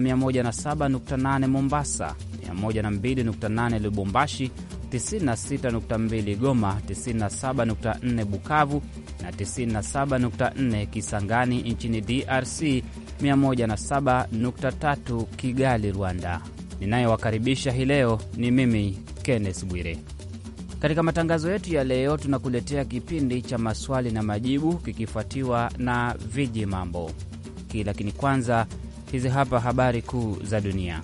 na 107.8 Mombasa, 102.8 Lubumbashi, 96.2 Goma, 97.4 Bukavu na 97.4 Kisangani nchini DRC, 107.3 Kigali, Rwanda. Ninayewakaribisha hii leo ni mimi Kenneth Bwire. Katika matangazo yetu ya leo, tunakuletea kipindi cha maswali na majibu kikifuatiwa na viji mambo lakini kwanza Hizi hapa habari kuu za dunia.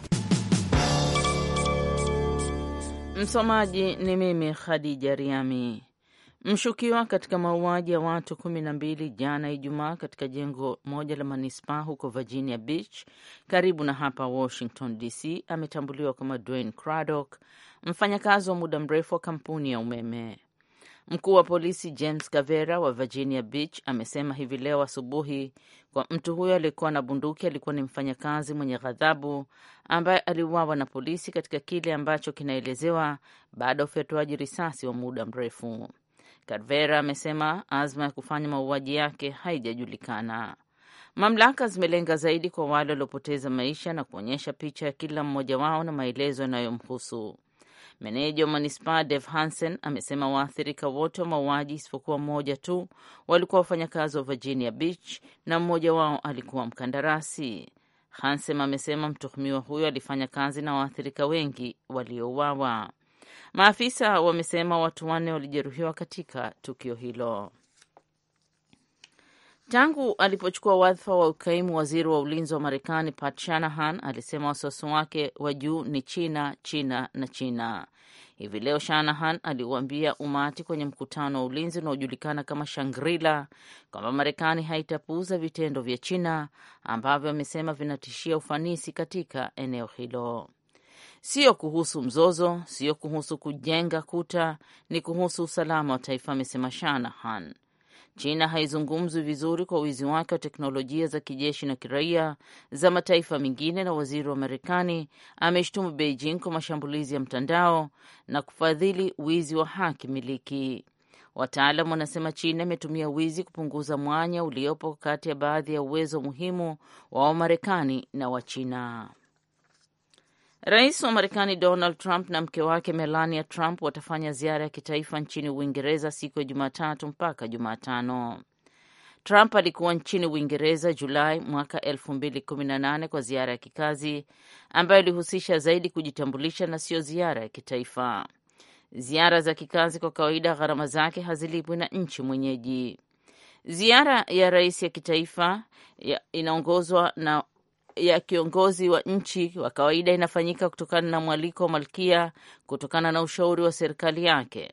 Msomaji ni mimi Khadija Riami. Mshukiwa katika mauaji ya watu kumi na mbili jana Ijumaa katika jengo moja la manispaa huko Virginia Beach karibu na hapa Washington DC ametambuliwa kama Dwayne Craddock, mfanyakazi wa muda mrefu wa kampuni ya umeme. Mkuu wa polisi James Cavera wa Virginia Beach amesema hivi leo asubuhi kwa mtu huyo aliyekuwa na bunduki alikuwa ni mfanyakazi mwenye ghadhabu ambaye aliuawa na polisi katika kile ambacho kinaelezewa baada ya ufyatuaji risasi wa muda mrefu. Carvera amesema azma ya kufanya mauaji yake haijajulikana. Mamlaka zimelenga zaidi kwa wale waliopoteza maisha na kuonyesha picha ya kila mmoja wao na maelezo yanayomhusu. Meneja wa manispaa Dev Hansen amesema waathirika wote wa mauaji isipokuwa mmoja tu walikuwa wafanyakazi wa Virginia Beach na mmoja wao alikuwa mkandarasi. Hansen amesema mtuhumiwa huyo alifanya kazi na waathirika wengi waliouawa. Maafisa wamesema watu wanne walijeruhiwa katika tukio hilo. Tangu alipochukua wadhifa wa ukaimu waziri wa ulinzi wa Marekani, Pat Shanahan alisema wasiwasi wake wa juu ni China, China na China. Hivi leo Shanahan aliuambia umati kwenye mkutano wa ulinzi unaojulikana kama Shangrila kwamba Marekani haitapuuza vitendo vya China ambavyo amesema vinatishia ufanisi katika eneo hilo. Sio kuhusu mzozo, sio kuhusu kujenga kuta, ni kuhusu usalama wa taifa, amesema Shanahan. China haizungumzwi vizuri kwa wizi wake wa teknolojia za kijeshi na kiraia za mataifa mengine, na waziri wa Marekani ameshtumu Beijing kwa mashambulizi ya mtandao na kufadhili wizi wa haki miliki. Wataalam wanasema China imetumia wizi kupunguza mwanya uliopo kati ya baadhi ya uwezo muhimu wa Wamarekani na Wachina. Rais wa Marekani Donald Trump na mke wake Melania Trump watafanya ziara ya kitaifa nchini Uingereza siku ya Jumatatu mpaka Jumatano. Trump alikuwa nchini Uingereza Julai mwaka 2018 kwa ziara ya kikazi ambayo ilihusisha zaidi kujitambulisha na siyo ziara ya kitaifa. Ziara za kikazi kwa kawaida gharama zake hazilipwi na nchi mwenyeji. Ziara ya rais ya kitaifa inaongozwa na ya kiongozi wa nchi wa kawaida inafanyika kutokana na mwaliko wa malkia kutokana na ushauri wa serikali yake.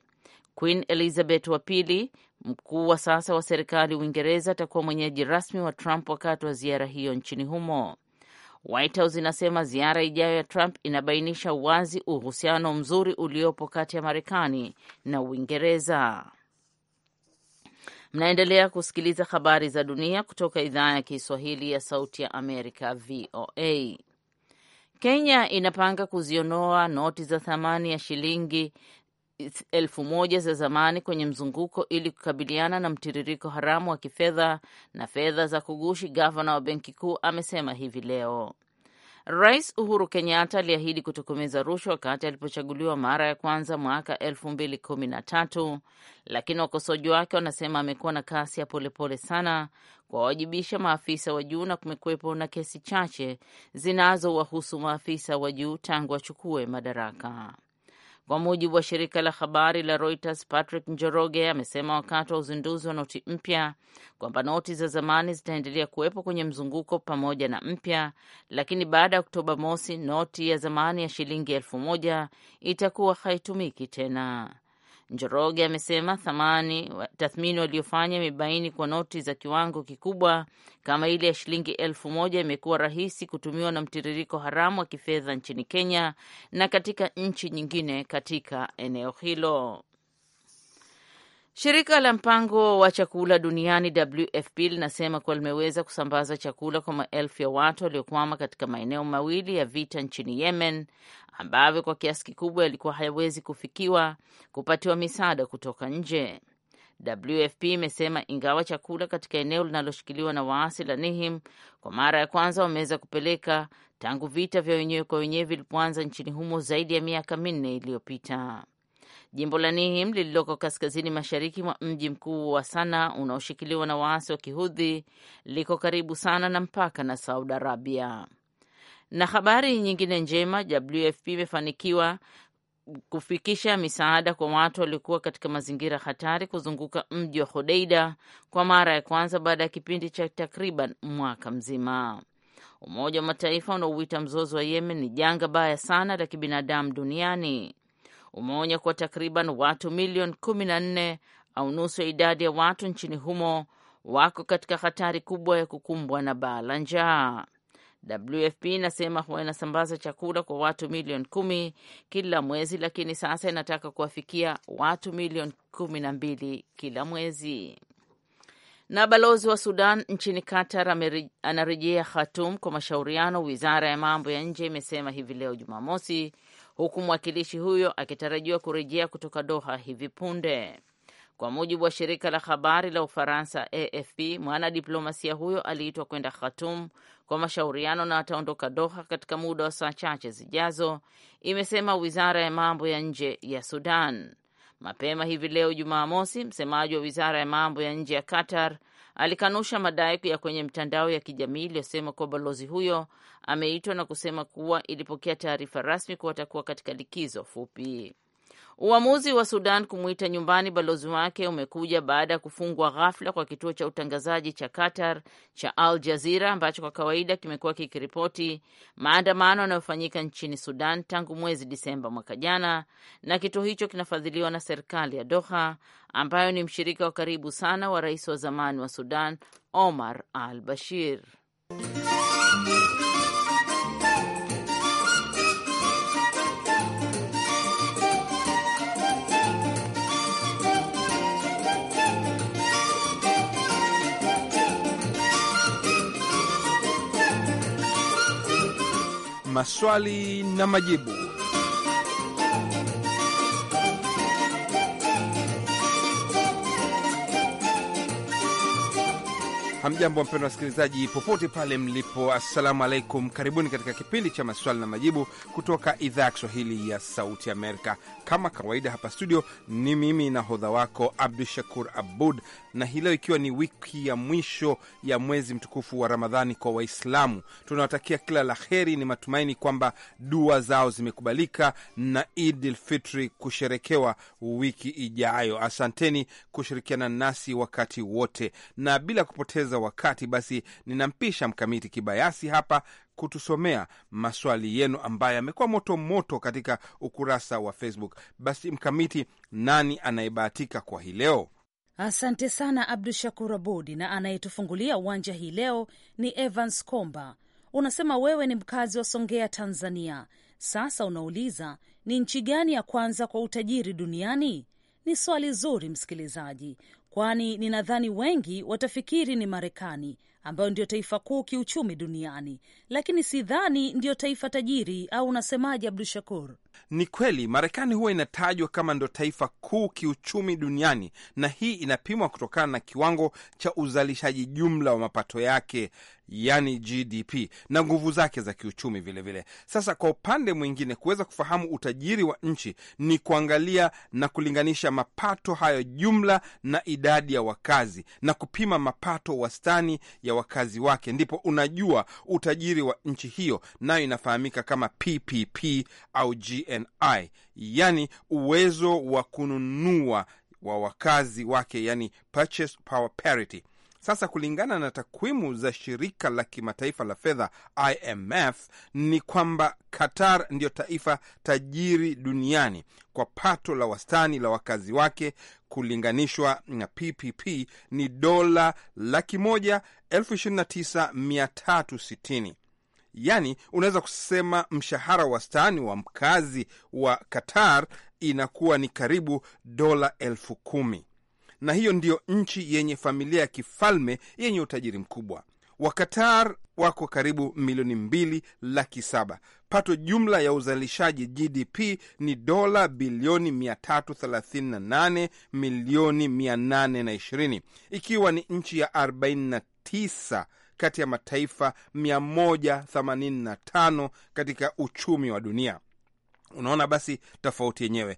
Queen Elizabeth wa pili, mkuu wa sasa wa serikali Uingereza, atakuwa mwenyeji rasmi wa Trump wakati wa ziara hiyo nchini humo. White House inasema ziara ijayo ya Trump inabainisha wazi uhusiano mzuri uliopo kati ya Marekani na Uingereza. Mnaendelea kusikiliza habari za dunia kutoka idhaa ya Kiswahili ya Sauti ya Amerika, VOA. Kenya inapanga kuziondoa noti za thamani ya shilingi elfu moja za zamani kwenye mzunguko ili kukabiliana na mtiririko haramu wa kifedha na fedha za kugushi. Gavana wa benki kuu amesema hivi leo Rais Uhuru Kenyatta aliahidi kutokomeza rushwa wakati alipochaguliwa mara ya kwanza mwaka elfu mbili kumi na tatu, lakini wakosoaji wake wanasema amekuwa na kasi ya polepole sana kuwawajibisha maafisa wa juu na kumekuwepo na kesi chache zinazowahusu maafisa wa juu tangu achukue madaraka. Kwa mujibu wa shirika la habari la Reuters, Patrick Njoroge amesema wakati wa uzinduzi wa noti mpya kwamba noti za zamani zitaendelea kuwepo kwenye mzunguko pamoja na mpya, lakini baada ya Oktoba mosi noti ya zamani ya shilingi elfu moja itakuwa haitumiki tena. Njoroge amesema thamani tathmini waliofanya imebaini kwa noti za kiwango kikubwa kama ile ya shilingi elfu moja imekuwa rahisi kutumiwa na mtiririko haramu wa kifedha nchini Kenya na katika nchi nyingine katika eneo hilo. Shirika la mpango wa chakula duniani WFP linasema kuwa limeweza kusambaza chakula kwa maelfu ya watu waliokwama katika maeneo mawili ya vita nchini Yemen ambavyo kwa kiasi kikubwa yalikuwa hayawezi kufikiwa kupatiwa misaada kutoka nje. WFP imesema ingawa chakula katika eneo linaloshikiliwa na waasi la Nihim kwa mara ya kwanza wameweza kupeleka tangu vita vya wenyewe kwa wenyewe vilipoanza nchini humo zaidi ya miaka minne iliyopita. Jimbo la Nihim lililoko kaskazini mashariki mwa mji mkuu wa Sana unaoshikiliwa na waasi wa Kihudhi liko karibu sana na mpaka na Saudi Arabia. Na habari nyingine njema, WFP imefanikiwa kufikisha misaada kwa watu waliokuwa katika mazingira hatari kuzunguka mji wa Hodeida kwa mara ya kwanza baada ya kipindi cha takriban mwaka mzima. Umoja wa Mataifa unaouita mzozo wa Yemen ni janga baya sana la kibinadamu duniani umeonya kuwa takriban watu milioni kumi na nne au nusu ya idadi ya watu nchini humo wako katika hatari kubwa ya kukumbwa na baa la njaa. WFP inasema huwa inasambaza chakula kwa watu milioni kumi kila mwezi, lakini sasa inataka kuwafikia watu milioni kumi na mbili kila mwezi. Na balozi wa Sudan nchini Qatar anarejea Khartoum kwa mashauriano, wizara ya mambo ya nje imesema hivi leo Jumamosi, huku mwakilishi huyo akitarajiwa kurejea kutoka Doha hivi punde. Kwa mujibu wa shirika la habari la Ufaransa AFP, mwanadiplomasia huyo aliitwa kwenda khatum kwa mashauriano na ataondoka Doha katika muda wa saa chache zijazo, imesema wizara ya mambo ya nje ya Sudan. Mapema hivi leo jumaa mosi msemaji wa wizara ya mambo ya nje ya Qatar alikanusha madai ya kwenye mtandao ya kijamii iliyosema kuwa balozi huyo ameitwa na kusema kuwa ilipokea taarifa rasmi kuwa atakuwa katika likizo fupi. Uamuzi wa Sudan kumwita nyumbani balozi wake umekuja baada ya kufungwa ghafla kwa kituo cha utangazaji cha Qatar cha Al Jazira ambacho kwa kawaida kimekuwa kikiripoti maandamano yanayofanyika nchini Sudan tangu mwezi Disemba mwaka jana, na kituo hicho kinafadhiliwa na serikali ya Doha ambayo ni mshirika wa karibu sana wa rais wa zamani wa Sudan Omar al Bashir. maswali na majibu. Hamjambo, mpendwa wasikilizaji, popote pale mlipo, assalamu alaikum. Karibuni katika kipindi cha maswali na majibu kutoka idhaa ya Kiswahili ya Sauti Amerika. Kama kawaida, hapa studio ni mimi nahodha wako Abdu Shakur Abud, na hii leo ikiwa ni wiki ya mwisho ya mwezi mtukufu wa Ramadhani kwa Waislamu, tunawatakia kila la heri. Ni matumaini kwamba dua zao zimekubalika na Idil Fitri kusherekewa wiki ijayo. Asanteni kushirikiana nasi wakati wote na bila kupoteza kupoteza wakati, basi ninampisha Mkamiti Kibayasi hapa kutusomea maswali yenu ambayo yamekuwa moto moto katika ukurasa wa Facebook. Basi Mkamiti, nani anayebahatika kwa hii leo? Asante sana Abdu Shakur Abud, na anayetufungulia uwanja hii leo ni Evans Komba. Unasema wewe ni mkazi wa Songea, Tanzania. Sasa unauliza ni nchi gani ya kwanza kwa utajiri duniani? Ni swali zuri, msikilizaji kwani ninadhani wengi watafikiri ni Marekani ambayo ndio taifa kuu kiuchumi duniani, lakini sidhani ndiyo taifa tajiri. Au unasemaje, Abdu Shakur? Ni kweli, Marekani huwa inatajwa kama ndo taifa kuu kiuchumi duniani, na hii inapimwa kutokana na kiwango cha uzalishaji jumla wa mapato yake yani GDP na nguvu zake za kiuchumi vilevile vile. Sasa kwa upande mwingine, kuweza kufahamu utajiri wa nchi ni kuangalia na kulinganisha mapato hayo jumla na idadi ya wakazi na kupima mapato wastani ya wakazi wake, ndipo unajua utajiri wa nchi hiyo, nayo inafahamika kama PPP au GNI, yani uwezo wa kununua wa wakazi wake, yani purchase power parity. Sasa kulingana na takwimu za shirika la kimataifa la fedha IMF ni kwamba Qatar ndiyo taifa tajiri duniani kwa pato la wastani la wakazi wake kulinganishwa na PPP ni dola laki moja elfu ishirini na tisa mia tatu sitini. Yaani, unaweza kusema mshahara wastani wa mkazi wa Qatar inakuwa ni karibu dola elfu kumi na hiyo ndiyo nchi yenye familia ya kifalme yenye utajiri mkubwa. Wakatar wako karibu milioni mbili laki saba. Pato jumla ya uzalishaji GDP ni dola bilioni 338 milioni 820, ikiwa ni nchi ya 49 kati ya mataifa 185 katika uchumi wa dunia. Unaona basi tofauti yenyewe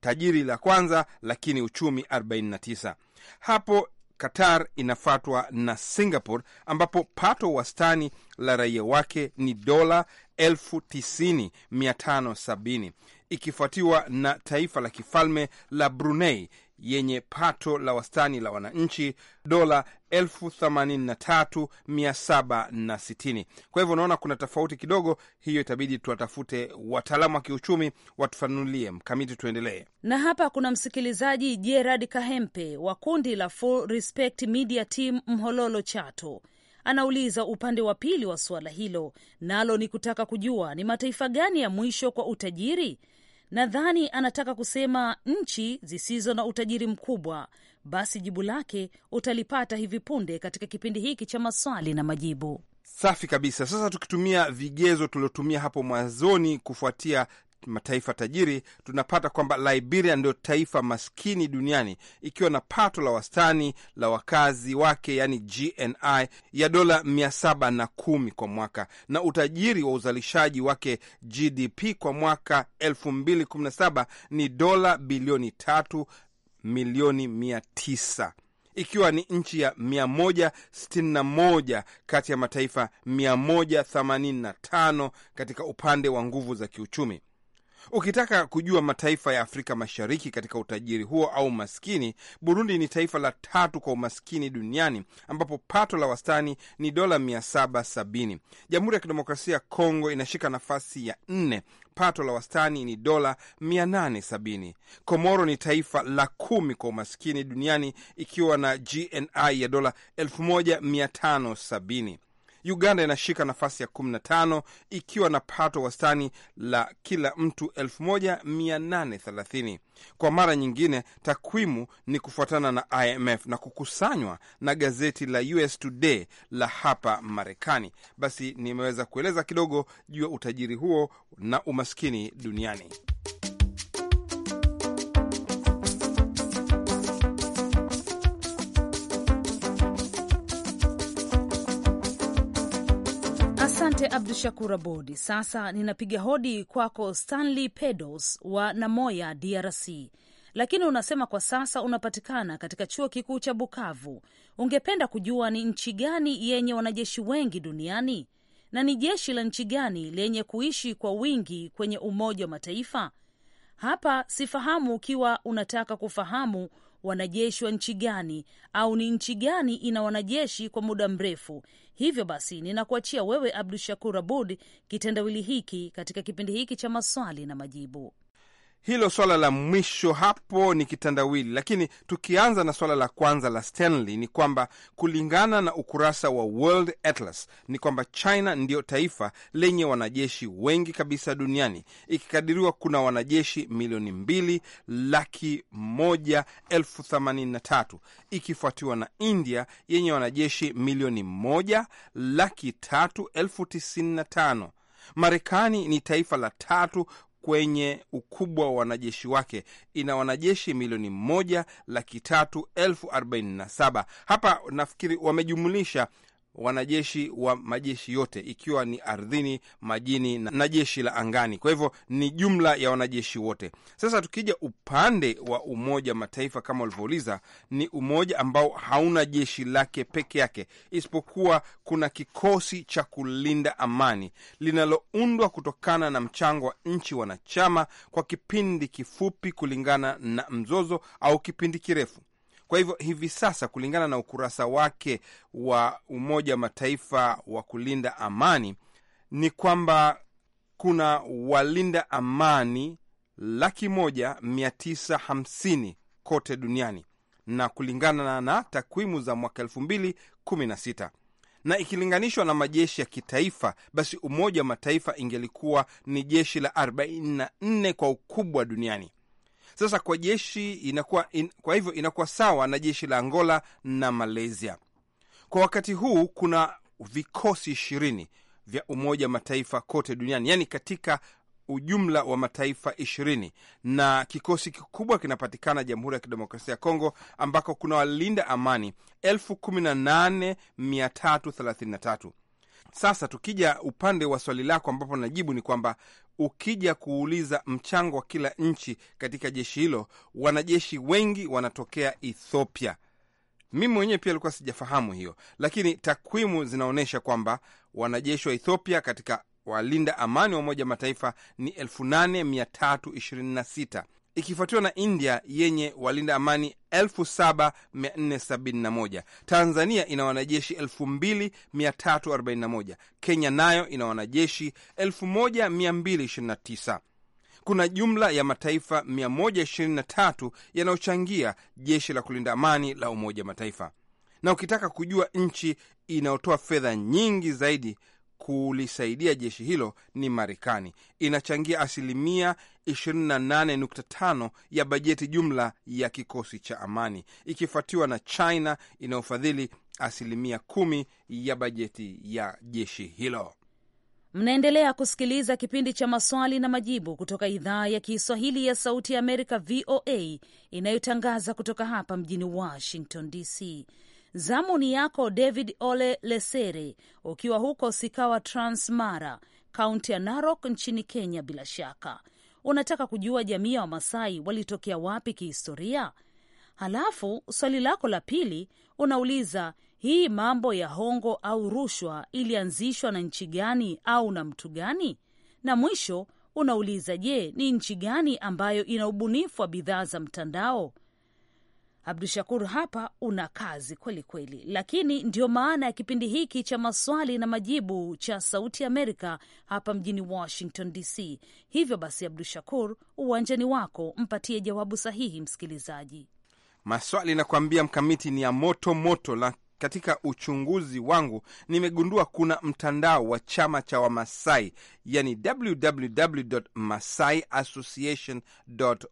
tajiri la kwanza lakini uchumi 49. Hapo Qatar inafatwa na Singapore ambapo pato wastani la raia wake ni dola 90570 ikifuatiwa na taifa la kifalme la Brunei yenye pato la wastani la wananchi dola 183,760. Kwa hivyo unaona kuna tofauti kidogo, hiyo itabidi tuwatafute wataalamu wa kiuchumi watufanulie. Mkamiti, tuendelee na hapa. Kuna msikilizaji Gerard Kahempe wa kundi la Full Respect Media Team Mhololo Chato anauliza upande wa pili wa suala hilo, nalo ni kutaka kujua ni mataifa gani ya mwisho kwa utajiri. Nadhani anataka kusema nchi zisizo na utajiri mkubwa, basi jibu lake utalipata hivi punde katika kipindi hiki cha maswali na majibu. Safi kabisa. Sasa tukitumia vigezo tuliotumia hapo mwanzoni kufuatia mataifa tajiri, tunapata kwamba Liberia ndio taifa maskini duniani ikiwa na pato la wastani la wakazi wake, yani GNI ya dola 710 kwa mwaka, na utajiri wa uzalishaji wake GDP kwa mwaka 2017 ni dola bilioni tatu milioni mia tisa ikiwa ni nchi ya 161 kati ya mataifa 185 katika upande wa nguvu za kiuchumi. Ukitaka kujua mataifa ya Afrika Mashariki katika utajiri huo au umaskini, Burundi ni taifa la tatu kwa umaskini duniani ambapo pato la wastani ni dola 770. Jamhuri ya Kidemokrasia ya Kongo inashika nafasi ya nne pato la wastani ni dola 870. Komoro ni taifa la kumi kwa umaskini duniani ikiwa na GNI ya dola 1570. Uganda inashika nafasi ya 15 ikiwa na pato wastani la kila mtu 1830 kwa mara nyingine. Takwimu ni kufuatana na IMF na kukusanywa na gazeti la US Today la hapa Marekani. Basi nimeweza kueleza kidogo juu ya utajiri huo na umaskini duniani. Asante Abdu Shakur abod Sasa ninapiga hodi kwako Stanley Pedos wa Namoya, DRC, lakini unasema kwa sasa unapatikana katika chuo kikuu cha Bukavu. Ungependa kujua ni nchi gani yenye wanajeshi wengi duniani na ni jeshi la nchi gani lenye kuishi kwa wingi kwenye Umoja wa Mataifa? Hapa sifahamu ukiwa unataka kufahamu wanajeshi wa nchi gani au ni nchi gani ina wanajeshi kwa muda mrefu. Hivyo basi, ninakuachia wewe Abdu Shakur Abud kitendawili hiki katika kipindi hiki cha maswali na majibu hilo swala la mwisho hapo ni kitandawili, lakini tukianza na swala la kwanza la Stanley ni kwamba kulingana na ukurasa wa World Atlas ni kwamba China ndiyo taifa lenye wanajeshi wengi kabisa duniani, ikikadiriwa kuna wanajeshi milioni mbili laki moja elfu themanini na tatu ikifuatiwa na India yenye wanajeshi milioni moja laki tatu elfu tisini na tano. Marekani ni taifa la tatu kwenye ukubwa wa wanajeshi wake. Ina wanajeshi milioni moja laki tatu elfu arobaini na saba. Hapa nafikiri wamejumulisha wanajeshi wa majeshi yote ikiwa ni ardhini, majini na jeshi la angani. Kwa hivyo ni jumla ya wanajeshi wote. Sasa tukija upande wa Umoja Mataifa, kama ulivyouliza, ni umoja ambao hauna jeshi lake peke yake, isipokuwa kuna kikosi cha kulinda amani linaloundwa kutokana na mchango wa nchi wanachama kwa kipindi kifupi kulingana na mzozo au kipindi kirefu. Kwa hivyo hivi sasa, kulingana na ukurasa wake wa Umoja wa Mataifa wa kulinda amani, ni kwamba kuna walinda amani laki moja mia tisa hamsini kote duniani na kulingana na takwimu za mwaka elfu mbili kumi na sita na ikilinganishwa na majeshi ya kitaifa, basi Umoja wa Mataifa ingelikuwa ni jeshi la 44 kwa ukubwa duniani. Sasa kwa jeshi inakuwa in, kwa hivyo inakuwa sawa na jeshi la Angola na Malaysia. Kwa wakati huu kuna vikosi ishirini vya Umoja wa Mataifa kote duniani, yaani katika ujumla wa mataifa ishirini na kikosi kikubwa kinapatikana Jamhuri ya Kidemokrasia ya Kongo ambako kuna walinda amani elfu kumi na nane mia tatu thelathini na tatu. Sasa tukija upande wa swali lako ambapo najibu ni kwamba ukija kuuliza mchango wa kila nchi katika jeshi hilo, wanajeshi wengi wanatokea Ethiopia. Mimi mwenyewe pia alikuwa sijafahamu hiyo, lakini takwimu zinaonyesha kwamba wanajeshi wa Ethiopia katika walinda amani wa Umoja Mataifa ni 8326 ikifuatiwa na India yenye walinda amani 7471. Tanzania ina wanajeshi 2341. Kenya nayo ina wanajeshi 1229. Kuna jumla ya mataifa 123 yanayochangia jeshi la kulinda amani la Umoja Mataifa. Na ukitaka kujua nchi inayotoa fedha nyingi zaidi kulisaidia jeshi hilo ni Marekani. Inachangia asilimia 28.5 ya bajeti jumla ya kikosi cha amani, ikifuatiwa na China inayofadhili asilimia kumi ya bajeti ya jeshi hilo. Mnaendelea kusikiliza kipindi cha maswali na majibu kutoka idhaa ya Kiswahili ya Sauti ya Amerika, VOA, inayotangaza kutoka hapa mjini Washington DC. Zamu ni yako David Ole Lesere, ukiwa huko Sikawa, Transmara, kaunti ya Narok nchini Kenya. Bila shaka unataka kujua jamii ya Wamasai walitokea wapi kihistoria. Halafu swali lako la pili unauliza hii mambo ya hongo au rushwa ilianzishwa na nchi gani au na mtu gani? Na mwisho unauliza je, ni nchi gani ambayo ina ubunifu wa bidhaa za mtandao? Abdu Shakur, hapa una kazi kweli kweli, lakini ndio maana ya kipindi hiki cha maswali na majibu cha Sauti Amerika hapa mjini Washington DC. Hivyo basi, Abdu Shakur, uwanjani wako, mpatie jawabu sahihi msikilizaji. Maswali nakuambia Mkamiti ni ya moto moto la katika uchunguzi wangu nimegundua kuna mtandao wa chama cha Wamasai yani www masai association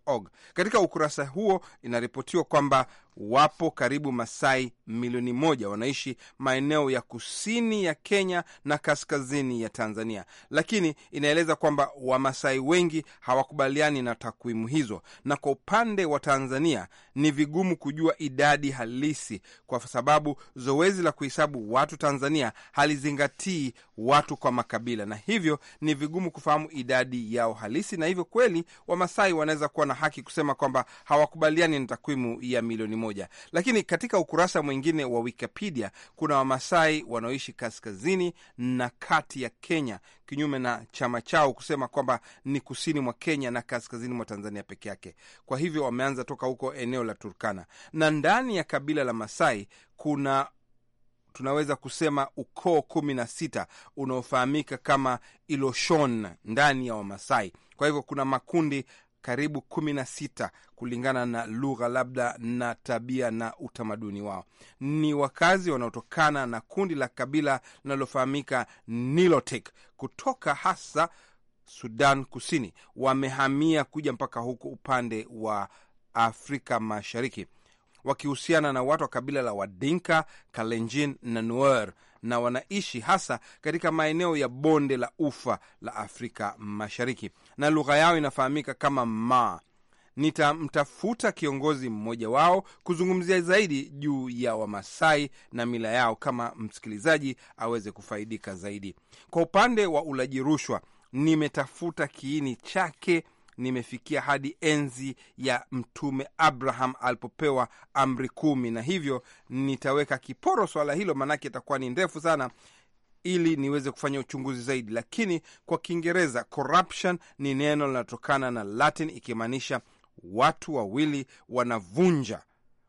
org. Katika ukurasa huo inaripotiwa kwamba wapo karibu Masai milioni moja wanaishi maeneo ya kusini ya Kenya na kaskazini ya Tanzania, lakini inaeleza kwamba Wamasai wengi hawakubaliani na takwimu hizo, na kwa upande wa Tanzania ni vigumu kujua idadi halisi kwa sababu zoezi la kuhesabu watu Tanzania halizingatii watu kwa makabila na hivyo ni vigumu kufahamu idadi yao halisi, na hivyo kweli Wamasai wanaweza kuwa na haki kusema kwamba hawakubaliani na takwimu ya milioni moja. Lakini katika ukurasa mwingine wa Wikipedia kuna Wamasai wanaoishi kaskazini na kati ya Kenya, kinyume na chama chao kusema kwamba ni kusini mwa Kenya na kaskazini mwa Tanzania peke yake. Kwa hivyo wameanza toka huko eneo la Turkana, na ndani ya kabila la Masai kuna tunaweza kusema ukoo kumi na sita unaofahamika kama Iloshon ndani ya Wamasai. Kwa hivyo kuna makundi karibu kumi na sita kulingana na lugha labda na tabia na utamaduni wao. Ni wakazi wanaotokana na kundi la kabila linalofahamika Nilotic kutoka hasa Sudan Kusini, wamehamia kuja mpaka huko upande wa Afrika Mashariki wakihusiana na watu wa kabila la Wadinka, Kalenjin na Nuer na wanaishi hasa katika maeneo ya bonde la ufa la Afrika Mashariki, na lugha yao inafahamika kama ma Nitamtafuta kiongozi mmoja wao kuzungumzia zaidi juu ya Wamasai na mila yao, kama msikilizaji aweze kufaidika zaidi. Kwa upande wa ulaji rushwa, nimetafuta kiini chake nimefikia hadi enzi ya Mtume Abraham alipopewa amri kumi, na hivyo nitaweka kiporo swala hilo, maanake itakuwa ni ndefu sana ili niweze kufanya uchunguzi zaidi. Lakini kwa Kiingereza, corruption ni neno linatokana na Latin ikimaanisha watu wawili wanavunja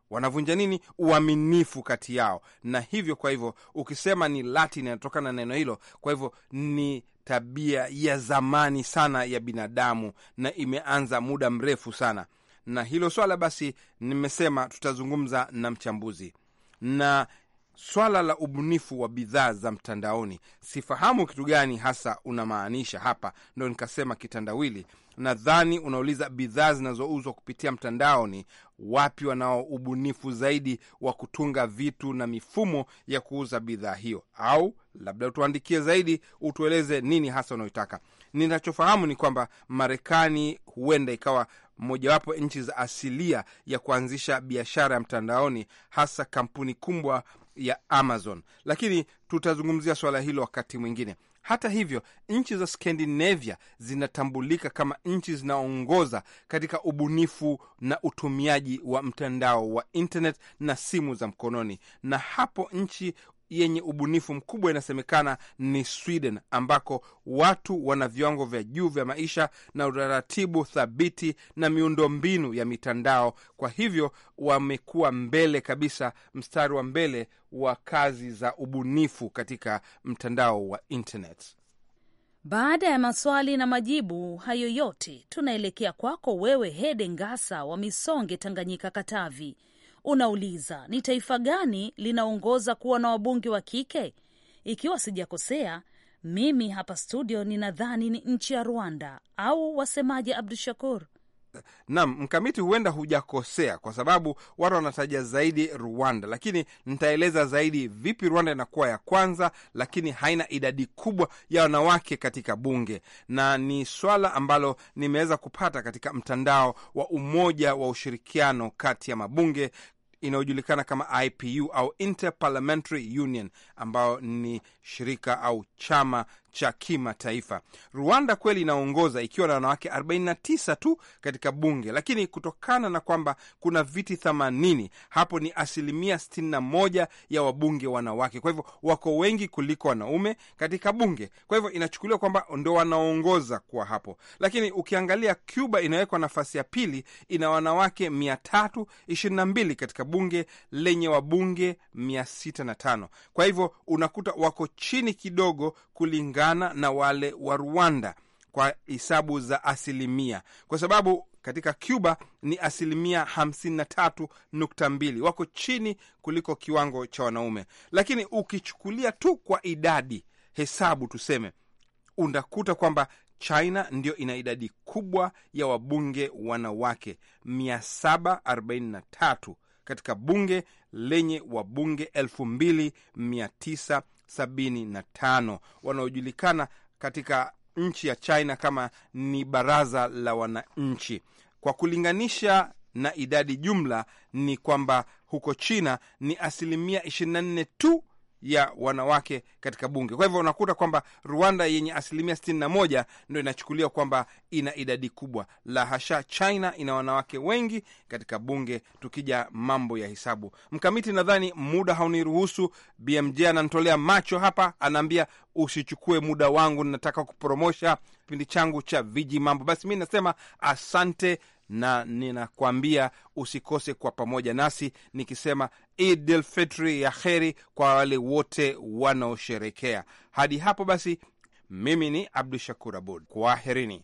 wanavunja nini? Uaminifu kati yao, na hivyo kwa hivyo ukisema ni Latin inatokana na neno hilo, kwa hivyo ni tabia ya zamani sana ya binadamu na imeanza muda mrefu sana. Na hilo swala basi, nimesema tutazungumza na mchambuzi na swala la ubunifu wa bidhaa za mtandaoni. Sifahamu kitu gani hasa unamaanisha hapa, ndo nikasema kitandawili. Nadhani unauliza bidhaa zinazouzwa kupitia mtandaoni, wapi wanao ubunifu zaidi wa kutunga vitu na mifumo ya kuuza bidhaa hiyo, au labda utuandikie zaidi, utueleze nini hasa unaoitaka. Ninachofahamu ni kwamba Marekani huenda ikawa mojawapo nchi za asilia ya kuanzisha biashara ya mtandaoni, hasa kampuni kubwa ya Amazon, lakini tutazungumzia suala hilo wakati mwingine. Hata hivyo, nchi za Skandinavia zinatambulika kama nchi zinaongoza katika ubunifu na utumiaji wa mtandao wa internet na simu za mkononi, na hapo nchi yenye ubunifu mkubwa inasemekana ni Sweden, ambako watu wana viwango vya juu vya maisha na utaratibu thabiti na miundombinu ya mitandao. Kwa hivyo wamekuwa mbele kabisa, mstari wa mbele wa kazi za ubunifu katika mtandao wa internet. Baada ya maswali na majibu hayo yote, tunaelekea kwako wewe Hede Ngasa wa Misonge, Tanganyika, Katavi unauliza ni taifa gani linaongoza kuwa na wabunge wa kike? Ikiwa sijakosea mimi hapa studio ninadhani ni nchi ya Rwanda, au wasemaje, Abdu Shakur? Naam, mkamiti, huenda hujakosea kwa sababu watu wanataja zaidi Rwanda, lakini nitaeleza zaidi vipi Rwanda inakuwa ya kwanza, lakini haina idadi kubwa ya wanawake katika bunge, na ni swala ambalo nimeweza kupata katika mtandao wa umoja wa ushirikiano kati ya mabunge inayojulikana kama IPU au Interparliamentary Union ambayo ni shirika au chama cha kimataifa. Rwanda kweli inaongoza ikiwa na wanawake 49 tu katika bunge, lakini kutokana na kwamba kuna viti 80 hapo ni asilimia 61 ya wabunge wanawake. Kwa hivyo wako wengi kuliko wanaume katika bunge, kwa hivyo inachukuliwa kwamba ndo wanaongoza kuwa hapo. Lakini ukiangalia Cuba inawekwa nafasi ya pili, ina wanawake 322 katika bunge lenye wabunge 605. Kwa hivyo unakuta wako chini kidogo kulingana na wale wa Rwanda kwa hisabu za asilimia, kwa sababu katika Cuba ni asilimia 53.2 wako chini kuliko kiwango cha wanaume. Lakini ukichukulia tu kwa idadi hesabu tuseme, unakuta kwamba China ndio ina idadi kubwa ya wabunge wanawake 743 katika bunge lenye wabunge 2900 75 wanaojulikana katika nchi ya China kama ni baraza la wananchi. Kwa kulinganisha na idadi jumla, ni kwamba huko China ni asilimia 24 tu ya wanawake katika bunge. Kwa hivyo unakuta kwamba Rwanda yenye asilimia sitini na moja ndo inachukuliwa kwamba ina idadi kubwa, la hasha. China ina wanawake wengi katika bunge. Tukija mambo ya hesabu, Mkamiti, nadhani muda hauniruhusu. BMJ ananitolea macho hapa, anaambia usichukue muda wangu, nataka kupromosha kipindi changu cha viji mambo. Basi mi nasema asante na ninakwambia usikose kwa pamoja nasi nikisema Idil ya kheri kwa wale wote wanaosherekea. Hadi hapo basi, mimi ni Abdu Shakur Abud, kwaherini.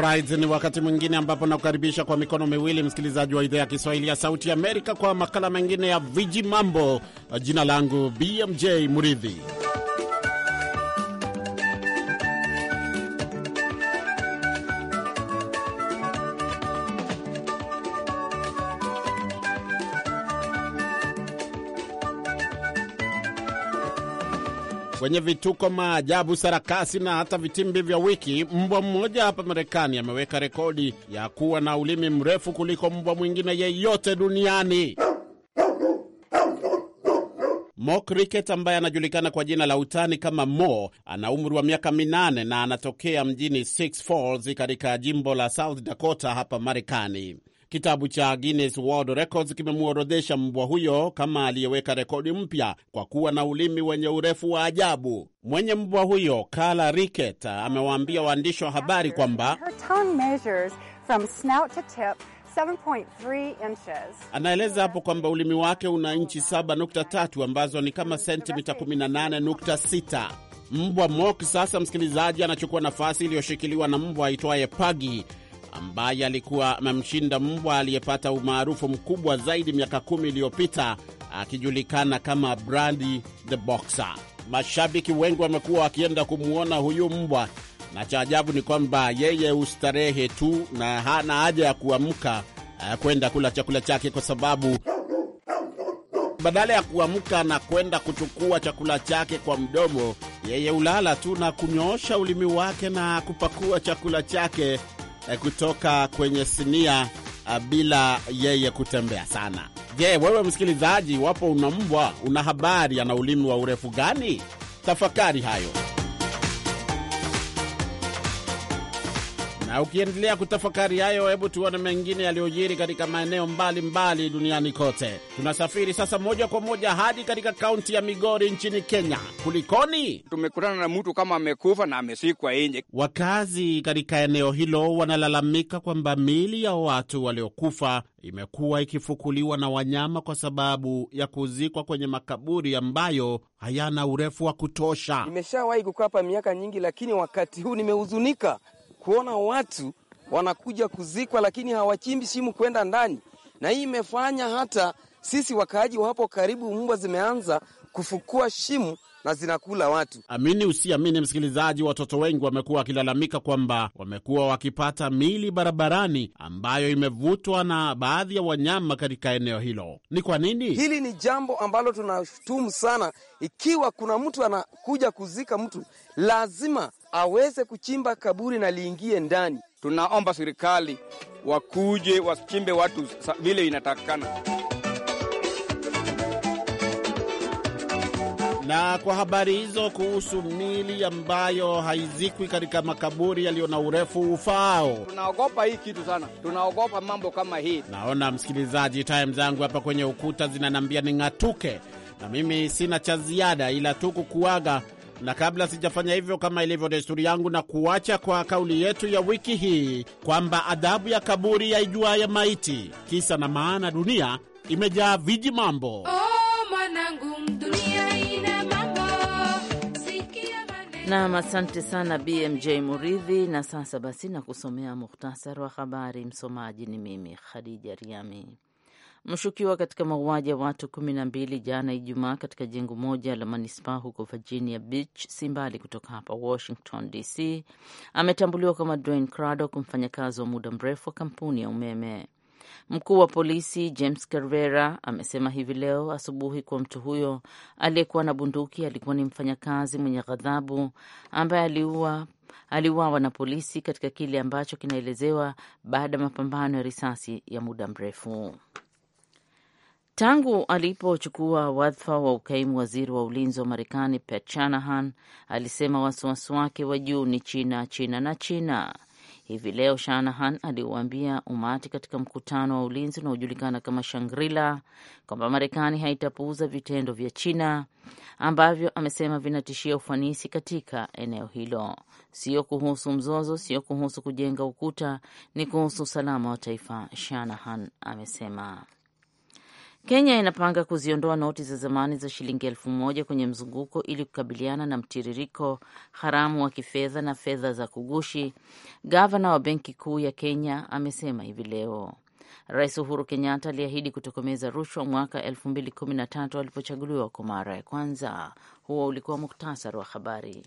Right, ni wakati mwingine ambapo nakukaribisha kwa mikono miwili msikilizaji wa idhaa ya Kiswahili ya Sauti Amerika kwa makala mengine ya Viji Mambo. Jina langu BMJ Muridhi. Kwenye vituko, maajabu, sarakasi na hata vitimbi vya wiki, mbwa mmoja hapa Marekani ameweka rekodi ya kuwa na ulimi mrefu kuliko mbwa mwingine yeyote duniani. Mo Cricket ambaye anajulikana kwa jina la utani kama Mo ana umri wa miaka minane na anatokea mjini Sioux Falls katika jimbo la South Dakota hapa Marekani. Kitabu cha Guinness World Records kimemworodhesha mbwa huyo kama aliyeweka rekodi mpya kwa kuwa na ulimi wenye urefu wa ajabu. Mwenye mbwa huyo Kala riket amewaambia waandishi wa habari kwamba anaeleza hapo kwamba ulimi wake una inchi 7.3 ambazo ni kama sentimita 18.6. Mbwa Mok sasa, msikilizaji, anachukua nafasi iliyoshikiliwa na mbwa aitwaye Pagi ambaye alikuwa amemshinda mbwa aliyepata umaarufu mkubwa zaidi miaka kumi iliyopita akijulikana kama Brandi the Boxer. Mashabiki wengi wamekuwa wakienda kumwona huyu mbwa, na cha ajabu ni kwamba yeye ustarehe tu na hana haja ya kuamka eh, kwenda kula chakula chake, kwa sababu badala ya kuamka na kwenda kuchukua chakula chake kwa mdomo, yeye ulala tu na kunyoosha ulimi wake na kupakua chakula chake Eh, kutoka kwenye sinia eh, bila yeye kutembea sana. Je, wewe msikilizaji, iwapo una mbwa, una habari ana ulimi wa urefu gani? Tafakari hayo. Na ukiendelea kutafakari hayo, hebu tuone mengine yaliyojiri katika maeneo mbalimbali mbali duniani kote. Tunasafiri sasa moja kwa moja hadi katika kaunti ya Migori nchini Kenya. Kulikoni? Tumekutana na mtu kama amekufa na amesikwa nje. Wakazi katika eneo hilo wanalalamika kwamba miili ya watu waliokufa imekuwa ikifukuliwa na wanyama kwa sababu ya kuzikwa kwenye makaburi ambayo hayana urefu wa kutosha. Nimeshawahi kukaa hapa miaka nyingi, lakini wakati huu nimehuzunika kuona watu wanakuja kuzikwa, lakini hawachimbi shimu kwenda ndani, na hii imefanya hata sisi wakaaji wa hapo karibu, mbwa zimeanza kufukua shimu na zinakula watu. Amini usiamini, msikilizaji, watoto wengi wamekuwa wakilalamika kwamba wamekuwa wakipata mili barabarani ambayo imevutwa na baadhi ya wanyama katika eneo hilo. Ni kwa nini? Hili ni jambo ambalo tunashutumu sana. Ikiwa kuna mtu anakuja kuzika mtu, lazima aweze kuchimba kaburi na liingie ndani. Tunaomba serikali wakuje wachimbe watu vile inatakikana. Na kwa habari hizo kuhusu mili ambayo haizikwi katika makaburi yaliyo na urefu ufaao, tunaogopa hii kitu sana, tunaogopa mambo kama hii. Naona msikilizaji, time zangu hapa kwenye ukuta zinanambia ning'atuke, na mimi sina cha ziada ila tu kukuaga na kabla sijafanya hivyo, kama ilivyo desturi yangu, na kuacha kwa kauli yetu ya wiki hii kwamba adhabu ya kaburi yaijua ya maiti. Kisa na maana, dunia imejaa viji mambo. Oh, mwanangu Nam, asante sana BMJ Muridhi. Na sasa basi, na kusomea muhtasari wa habari. Msomaji ni mimi Khadija Riami mshukiwa katika mauaji ya watu kumi na mbili jana Ijumaa katika jengo moja la manispaa huko Virginia Beach si mbali kutoka hapa Washington DC ametambuliwa kama Dwayne Craddock, mfanyakazi wa muda mrefu wa kampuni ya umeme. Mkuu wa polisi James Carvera amesema hivi leo asubuhi kuwa mtu huyo aliyekuwa na bunduki alikuwa ni mfanyakazi mwenye ghadhabu ambaye aliua aliuawa na polisi katika kile ambacho kinaelezewa baada ya mapambano ya risasi ya muda mrefu. Tangu alipochukua wadhifa wa ukaimu waziri wa ulinzi wa Marekani, Pat Shanahan alisema wasiwasi wake wa juu ni China, China na China. Hivi leo Shanahan aliuambia umati katika mkutano wa ulinzi unaojulikana kama Shangrila kwamba Marekani haitapuuza vitendo vya China ambavyo amesema vinatishia ufanisi katika eneo hilo. Sio kuhusu mzozo, sio kuhusu kujenga ukuta, ni kuhusu usalama wa taifa, Shanahan amesema. Kenya inapanga kuziondoa noti za zamani za shilingi elfu moja kwenye mzunguko ili kukabiliana na mtiririko haramu wa kifedha na fedha za kugushi. Gavana wa Benki Kuu ya Kenya amesema hivi leo. Rais Uhuru Kenyatta aliahidi kutokomeza rushwa mwaka elfu mbili kumi na tatu alipochaguliwa kwa mara ya kwanza. Huo ulikuwa muktasari wa habari.